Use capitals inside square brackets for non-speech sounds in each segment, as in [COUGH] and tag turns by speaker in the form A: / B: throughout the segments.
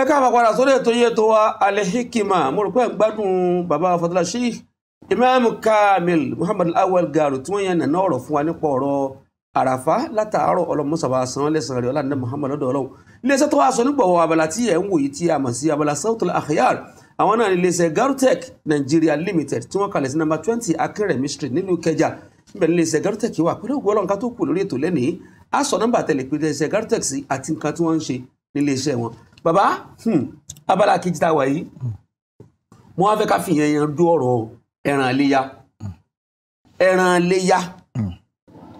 A: ẹ káàmà padà sórí ètò yìí ètò wa alehikima mo rò pé ẹ ń gbádùn bàbá fatala sí imam kamil muhammad awal garu tí wọ́n yẹn nàná ọ̀rọ̀ fún wa nípa ọ̀rọ̀ àràfá látàárọ̀ ọlọmọsàbà san lẹsàn rẹ ọlànà muhammad ọdọ ọlọ́run iléeṣẹ́ tó wá sọ nígbọ̀wọ́ abala tí ẹ ń wò tí a mọ̀ sí abala sautul akhyar àwọn náà ní iléeṣẹ́ garutech nigeria limited tí wọ́n kalẹ̀ sí number twenty akérèmí street nílùú kẹjà níbẹ̀ ní iléeṣẹ́ garutech wà pẹ̀lú ògbó ọlọ́run tó kù lórí ètò lẹ́nìí a sọ nọ́mbà tẹ̀lé pé iléeṣẹ́ garutech sí àti nǹkan tí wọ́n ń ṣe ní iléeṣẹ́ wọn baba hmm. abala kejì tá a wà yìí mo wá fẹ́ ká fìyẹn yan dú ọ̀rọ̀ ẹran iléyà ẹran iléyà hmm.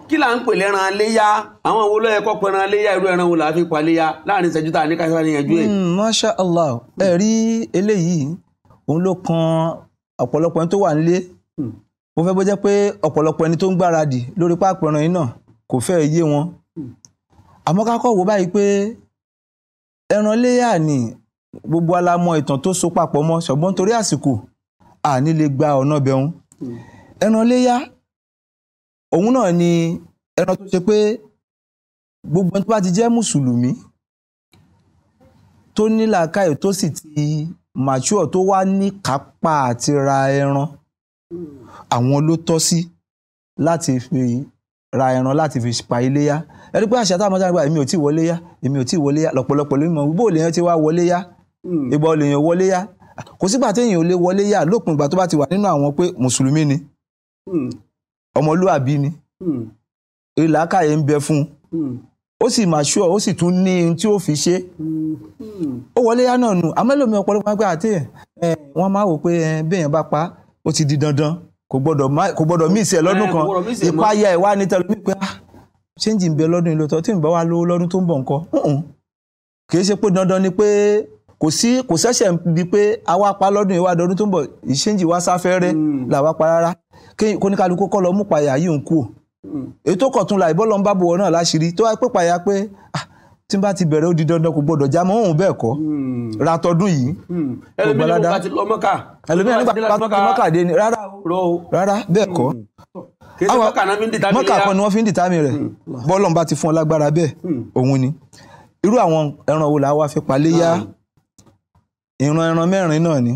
A: kí là ń pè lẹ́ran iléyà àwọn wo ló yẹ kó pẹran iléyà irú ẹran wo là á fi pa iléyà láàrin ìṣẹ́jú tá a ní ká sáré yanjú ẹ̀. Hmm,
B: masha allah ẹ eléyìí òun ló kan ọ̀pọ̀lọpọ̀ ẹni tó wà nílé mo fẹ́ bó jẹ́ pé ọ̀pọ̀lọpọ̀ ẹni tó ń gbáradì lórí pápẹ̀ràn yìí náà kò fẹ́ yé wọn àmọ́ ká kọ́ wò báyìí pé ẹran léyà ni gbogbo wa la mọ ìtàn tó so papọ̀ mọ́ ṣùgbọ́n torí àsìkò àní lè gba ọ̀nà bẹ̀rùn ẹran léyà òun náà ni ẹran tó ṣe pé gbogbo ẹni tó bá ti jẹ́ mùsùlùmí tó ní làákàyè tó sì ti mature tó wá ní kápá àti ra ẹran àwọn ló tọ́ sí láti fi ra ẹran láti fi pa iléyá ẹni pé àṣà táwọn ọmọdé àgbà èmi ò tí wọlé yá èmi ò tí wọlé yá lọ́pọ̀lọpọ̀ ló mọ̀ bó lèèyàn ti wá wọlé yá hmm. ìgbà lèèyàn wọlé yá kò sígbà téèyàn ò lè wọlé yá lópin ìgbà tó bá ti wà nínú àwọn pé mùsùlùmí ni hmm. ọmọlúàbí ni hmm. ìlàkàyè ń bẹ fún un ó sì máa ṣú ọ ó sì tún ní ohun tí ó fi ṣe ó wọlé yá náà nù amẹ́lòmí ọ̀pọ̀lọpọ̀ eh, eh, di dandan kò gbọ́dọ̀ mí ìsẹ̀ lọ́dún eh, kan ìpayà ìwà ní tẹ̀lé mi pé ah ṣéǹjì ń bẹ lọ́dún ìlú tó tí ń bá wa lówó lọ́dún tó ń bọ̀ nǹkan kì í ṣe pé dandan ni pé kò sí kò ṣẹ̀ṣẹ̀ bí pé àwa pa lọ́dún ìwà lọ́dún tó ń bọ̀ ìṣéǹjì wa sáfẹ́rẹ́ mm. làwa pa rárá kó ní kálukú kọ́ lọ mú payà yìí ń kú o mm. èyí tó kọ̀ tún la ìbọ́ lọ́n bá bọ̀ náà láṣìírí tó wá pé payà pé ah tí n bá ti bẹ̀rẹ̀ ó di dandan kò gbọdọ̀ já mọ́ òun bẹ́ẹ̀ kọ́ hmm. ra tọdún yìí hmm.
A: kò gbalada ẹlòmíràn nígbà tí mọ́kà dé ni rárá rárá bẹ́ẹ̀ kọ́ hmm. mọ́kà kan ni wọ́n
B: fi ń dìtámì rẹ̀ bọ́lọ̀ bá ti fún ọ lágbára bẹ́ẹ̀ òun ni irú àwọn ẹran wo la wá fi paléyà ìran ẹran mẹ́rin náà ni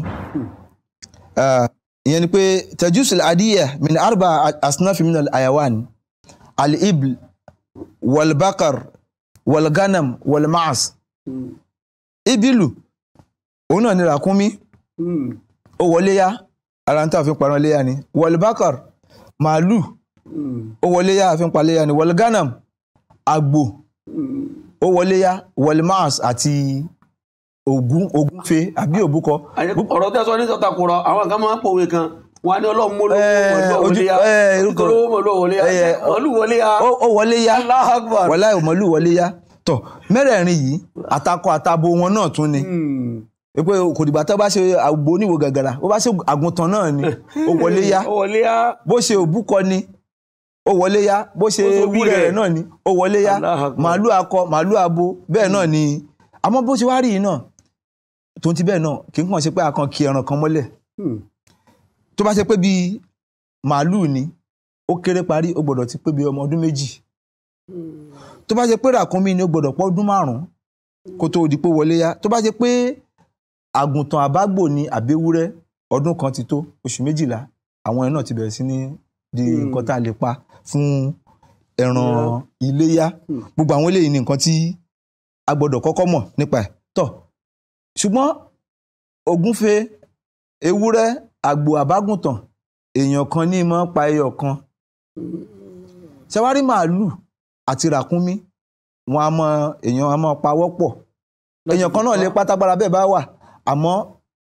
B: ìyẹn ni pé tajusul adiyya min arba asnaf min al ayawan al ibl wọlganam wọlmaas ibilu òun náà ni ràkúnmí hmm. ó wọléyá ara ń tà hmm. fi parán léyá ni wọlbakar màálù hmm. ó wọléyá àfi ń pa léyá ni wọlganam àgbò ó wọléyá wọlmaas àti
A: ogun ogunfe àbí òbúkọ. ọ̀rọ̀ tẹ́sán ní sọ́takùrọ̀ àwọn kan máa ń pòwe kan wà ní ọlọ́run mo lówó wọlé ya mọ̀lú wọlé ya ó wọlé ya
B: wàláì mọ̀lú wọlé ya tọ̀ mẹ́rẹ̀ẹ̀rin yìí àtakọ àtabo wọn náà tún ni hmm. pé kò dìgbà tó bá ṣe àgbo oníwo gàgàrà ó bá ṣe àgùntàn náà ni ó ya [LAUGHS] bó ṣe òbúkọ ni ó ya bó ṣe ewúrẹ́ rẹ̀ náà ni ó ya màálù akọ màálù abo bẹ́ẹ̀ náà ni àmọ́ bó ṣe wá rí yìí tó ń ti bẹ́ẹ̀ náà kì í kàn ṣe pé a ẹran kan mọ́lẹ̀ hmm tó bá ṣe pé bíi màálùú ni ó kéré parí ó gbọ́dọ̀ ti pé bíi ọmọ ọdún méjì tó bá ṣe pé ràkúnmí ni ó gbọ́dọ̀ pọ́ ọdún márùn kó tó di pé wọlé yá tó bá ṣe pé àgùntàn àbágbò ni àbẹ́wúrẹ́ ọdún kan ti tó oṣù méjìlá àwọn ẹran náà ti bẹ̀rẹ̀ sí ní di hmm. nǹkan tá a lè pa fún ẹran hmm. iléyá hmm. gbogbo àwọn eléyìí ni nǹkan tí a gbọ́dọ̀ kọ́kọ́ mọ̀ nípa ẹ̀ tọ̀ ṣùgbọ́n ògúnfe ewúrẹ́ Agbo àbágùntàn èèyàn kan ní máa ń pa ẹyọ kan ṣẹwárí màálù àti ràkúnmí wọn a mọ èèyàn a mọ pawọ́ pọ̀ èèyàn kan náà lè pátágbára bẹ́ẹ̀ bá wà àmọ́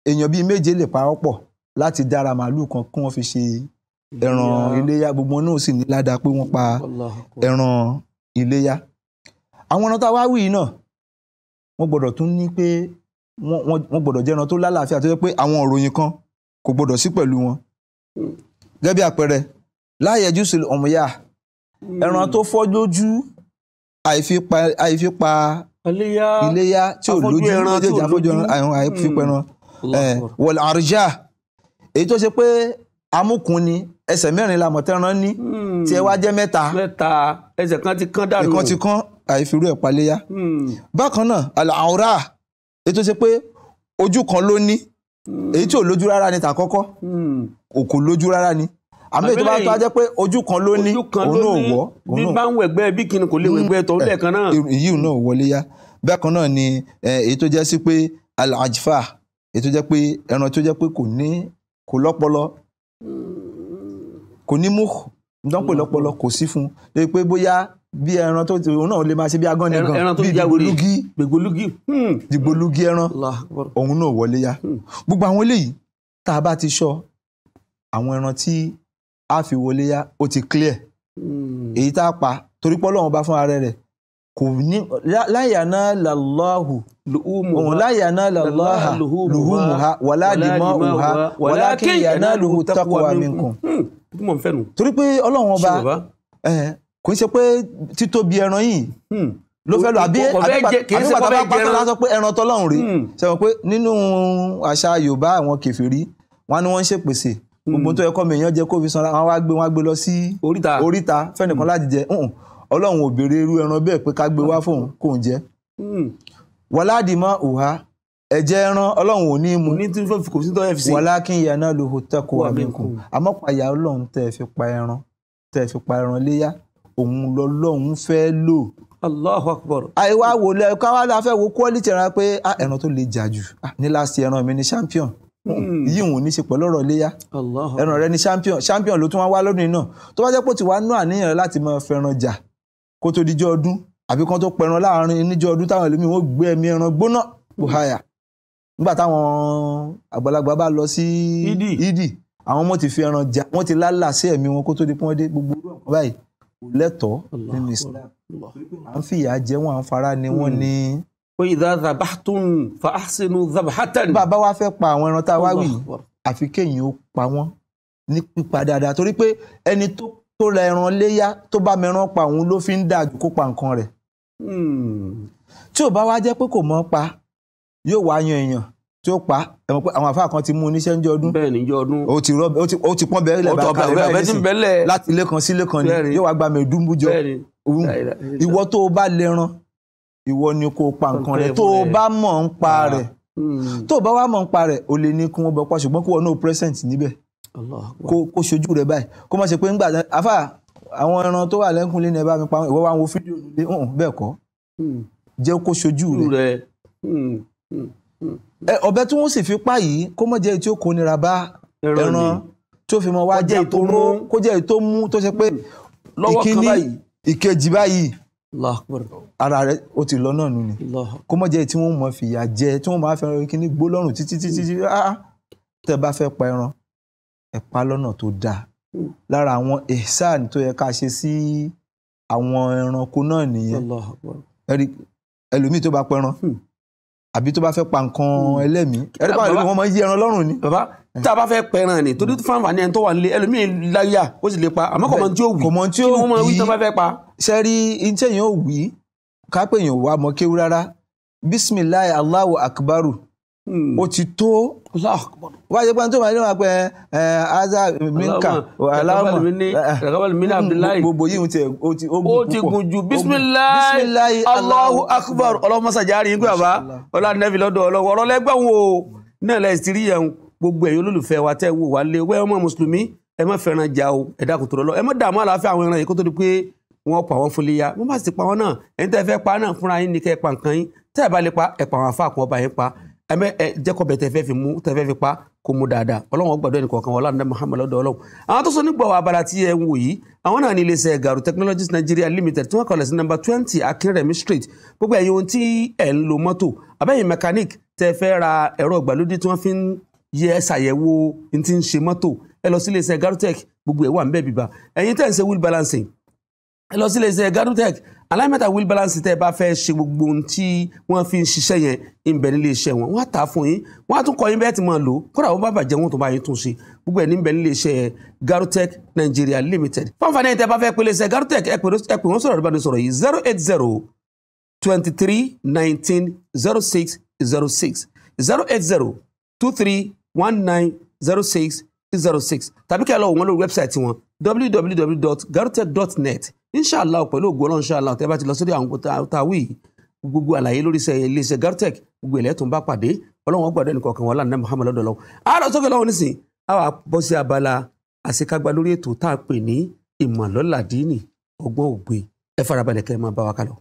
B: èèyàn bíi méje lè pawọ́ pọ̀ láti dára màálù kan kí wọ́n fi ṣe ẹran iléyá gbogbo náà sì ní ládàá pé wọ́n pa ẹran iléyá àwọn ọ̀nà tá a wá wí yìí náà wọ́n gbọ́dọ̀ tún ní pé wọ́n gbọ́dọ̀ jẹ́ ẹran tó lálàáfíà tó yẹ pé àwọn òròyìn kan kò gbọdọ̀ sí pẹ̀lú wọn. gẹ́gẹ́ bí àpẹẹrẹ láàyè jùsù ọ̀mùyá ẹran tó fọ́ lójú àìfipa àìfipa iléyà tí ò lójú méjèèjì afọ́jú ẹran àìfipa ẹran wọ̀l àrùjá èyí tó ṣe pé amúkun ni ẹsẹ̀ mẹ́rin la mọ̀tẹ́ran ní
A: hmm. tí ẹ wá
B: jẹ́ mẹ́ta mẹ́ta ẹsẹ̀ kan ti kán dànù ẹ̀kan ti kán àìfirú ẹ̀ paléyà hmm. bákan náà àwòrán èyí tó ṣe pé ojú kan ló ní èyí tí ò lójú rárá ni tàkọ́kọ́ hmm. òkò lójú rárá ni àmì tó bá tó jẹ́
A: pé ojú kan ló ní òun náà wọ́ bí bá ń wẹ̀gbẹ́ bí kìnnì kò lè wẹ̀gbẹ́ hmm. tó eh,
B: bẹ́ẹ̀ náà. èyí náà wọlé yá bẹ́ẹ̀ náà ni èyí tó jẹ́ sí pé alajfa èyí tó jẹ́ pé ẹran tó jẹ́ pé kò ní kò lọ́pọlọ hmm. kò ní mú dánpẹ́ lọ́pọlọ kò sí fún un pé bóyá bí ẹran tó ti òun náà lè máa ṣe bí agán nìkan bí gbègbólugi gbègbólugi dìgbòlugi ẹran òun náà wọlé ya hmm. gbogbo àwọn eléyìí tá a bá ti sọ àwọn ẹran tí a fi wọlé ya ó ti clear hmm. èyí tá a pa torí pé Ọlọ́run bá fún ara rẹ̀ kò ní láyàná làlọ́hù òun láyàná làlọ́hà lùhùmùhà wàládìmọ́ òhà wàlákẹ́yàná lùhù taqwa minkum. Hmm. torí pé Ọlọ́run ọba kò ń ṣe pé títóbi ẹran yìí hmm. ló fẹ́ lọ àbí àbípàtà pátá lásán pé ẹran tọ́lọ́run rèé hmm. ṣe wọ́n pé nínú àṣà Yorùbá àwọn kèfèrí wọn ni wọ́n ń ṣèpèsè hmm. gbogbo tó yẹ kọ́ mi èèyàn jẹ kó fi sanra wọn wá gbé wọn gbé lọ sí oríta fẹ́nìkan láti jẹ Ọlọ́run ò béèrè irú ẹran bẹ́ẹ̀ pé ká gbé wá fóun kò ń jẹ wọládìí mọ́ òhá ẹ̀jẹ̀ ẹran ọlọ́run ò ní mu wọlá kí n yànnà lóhùn tẹ́kọ̀ọ́ àmọ́ pàyà ọlọ́run tẹ́ fi pa ẹran tẹ́ fi pa ẹran léyà òun lọ́lọ́run fẹ́ lò. Allahu akbar. àìwá wò lẹ káwá la fẹ́ wo quality ẹran pé ah, ẹran tó le jà jù ah, ní last ẹran mi ni champion hmm. yìí òun ní í ṣe pẹ̀lú ọ̀rọ̀ léyà ẹran rẹ ni champion champion ló tún wá wá lónìí náà tó bá jẹ́ pé ó ti nú àníyàn láti máa fẹ́ràn jà kó tó dijọ́ ọdún àbí kan tó pẹran láàrin níjọ́ ọdún táwọn ẹlòmíín wọ́n gbé ẹ̀mí ẹran gbóná buhaya nígbà táwọn àgbàlagbà bá lọ sí ìdì àwọn ọmọ ti fi ẹran jà wọ́n ti lálà sí ẹ̀mí wọn kó tó di pé dé gbogbo báyìí kò lẹ́tọ̀ọ́ nínú Islam à ń fìyà jẹ wọn à ń fara ni wọn ní.
A: pé idha dhabhtum fa ahsinu dhabhatan. bàbá
B: wa fẹ́ pa àwọn ẹran tá a wá wì àfi kéèyàn ó pa wọ́n ní pípa dáadáa torí pé ẹni tó tó ra ẹran léyà tó bá mẹran pa òun ló fi ń dà jù kó pa nǹkan rẹ̀. Hmm. tí ò bá wá jẹ́ pé kò mọ̀ pa yóò wá yan èèyàn tí ó pa ẹ mọ̀ pé àwọn àfáà kan ti mú oníṣẹ́ ń jọ ọdún bẹ́ẹ̀ ní jọ ọdún ó ti rọ́ọ̀bù ó ti pọ́n bẹ́ẹ̀lẹ̀ bá kalẹ̀ báyìí sí láti ilé kan sí ilé kan ni yóò wá gba mẹ̀ẹ́dúnbù jọ ìwọ tó o bá lẹ́ran ìwọ ni kó o pa nǹkan rẹ tó o bá mọ̀ ń pa ah, rẹ̀ hmm. tó o bá wá mọ̀ ń pa rẹ̀ o lè ní kí wọ́n pa ṣùgbọ́n kí wọ́n no present níbẹ̀ kó ṣojú rẹ̀ báyìí kó má ṣe pé ńgbà àfáà àwọn ẹran tó wà lẹ́kùnlé ni ẹ ọ̀bẹ tí wọ́n sì fi pa yìí kó mọ̀ jẹ́ tí ó kó nira bá ẹran tí ó fi mọ wá jẹ́ tó mú kó jẹ́ tó mú tó ṣe pé hmm. lọ́wọ́ kan báyìí ìkejì báyìí ara rẹ̀ ó ti lọ náà nù ni kó mọ̀ jẹ́ tí wọ́n mọ̀ fìyà jẹ tí wọ́n máa fẹ́ ẹran kíní gbó lọ́rùn títí títí títí hmm. tẹ́ bá fẹ́ pa ẹran ẹ pa lọ́nà tó dáa hmm. lára àwọn ihsan tó yẹ ká ṣe sí àwọn ẹranko náà nìyẹn ẹlòmíì tó bá pẹran àbí tó bá fẹ́ pa nǹkan
A: ẹlẹ́mìí ẹ̀rọ bá wọn máa ń yí ẹran lọ́rùn ni. bàbá hmm. tá a bá fẹ́ pẹran ni torí fáǹfààní ẹni tó wà nílé ẹlòmíì láyà ó sì lè pa àmọ́ kò mọ̀ tí ó wì kò mọ̀ tí ó wì kí pa. sẹ́rí
B: iṣẹ́ yẹn ò wí ká pé èèyàn wà mọ́ kéwú rárá bisimilayi Allahu akbaru Hmm. ó ti tó wá ṣe pé tó máa ní wọn pé ẹ aza minka alamu
A: eh, eh. gbogbo yìí ti ó ti gùn jù bisimilayi alahu akbar ọlọmọsàjáre yín pé bàbá ọlànàbí lọ́dọ̀ ọlọwọ ọlọlẹgbẹ wo náà lẹsí ti rí yẹn gbogbo ẹ̀yin olólùfẹ́ wa tẹ́ wò wá lé wẹ ọmọ mùsùlùmí ẹ má fẹ́ràn jà o ẹ dákun tó lọ ẹ má dààmú àlàáfíà àwọn ẹran yìí kó tó di pé wọn pa wọn fúnlé ya wọn bá sì pa wọn náà ẹ̀yin tẹ́ fẹ́ pa náà fúnra yín ni kẹ́ pa nǹkan yín tẹ́ ẹ bá lè pa ẹ pa àwọn afáàkùn ọba yín pa ẹmẹ ẹ jẹkọbẹ tẹfẹ fi mú tẹfẹ fi pa kó mu dáadáa Ọlọ́run ọgbàdo ẹnì kọ̀ọ̀kan wọn láǹdà Muhammad ọdọ Ọlọ́run àwọn tó sọ nígbà wà abala tí ẹ ń wò yìí àwọn náà ní iléeṣẹ́ Garu Technologies Nigeria Limited tí wọn kọlẹ sí number twenty Akínrẹ̀mí Street gbogbo ẹ̀yin ohun tí ẹ ń lo mọ́tò abẹ́yìn mechanic tẹ fẹ́ ra ẹ̀rọ ìgbàlódé tí wọ́n fi ń yẹ ṣàyẹ̀wò ní ti ń ṣe mọ́tò ẹ lọ sí iléeṣẹ́ Garu Tech gbogbo ẹ wà ń bẹ̀ bíbá ẹ̀yin tẹ̀ ń ṣe wheel balancing ẹ lọ sí iléeṣẹ́ Garu Tech aláìmẹ́ta wheel balance tẹ́ ẹ bá fẹ́ ṣe gbogbo ohun tí wọ́n fi ń ṣiṣẹ́ yẹn ń bẹ nílé iṣẹ́ wọn wọ́n á tà á fún yín wọ́n á tún kọ́ yín bẹ́ẹ̀ tí máa lò ó kódà wọ́n bá bàjẹ́ wọn tó bá yín tún ṣe gbogbo ẹ̀ ní bẹ nílé iṣẹ́ Garotech Nigeria Limited fáńfààní ẹ̀ tẹ́ ẹ bá fẹ́ pélé iṣẹ́ Garotech ẹ pè wọ́n sọ̀rọ̀ ìbánu yìí zero eight zero twenty three nineteen zero six zero six zero eight zero two three one nine zero six zero six tàbí kẹ́ ẹ lọ wọ́n lórí wẹ́bsáìtì wọn www.garutech.net inshallah pẹ̀lú ògo ọlọ́run inshallah tẹ́ bá ti lọ sórí àwọn kòtà wíì gbogbo àlàyé lórí iṣẹ́ iléeṣẹ́ Garutech gbogbo ilẹ̀ tó ń bá pàdé ọlọ́run ó gbàdúrà nìkan kan wọn lánàá Muhammad lọ́dọ̀ lọ́wọ́ àárọ̀ sókè lọ́wọ́ nísìn àwọn àbọ̀ sí abala àṣekágbá lórí ètò tá a pè ní ìmọ̀lọ́ládínì ọgbọ́n ògbé ẹ farabalẹ̀ kẹ́ ẹ máa bá wa kálọ.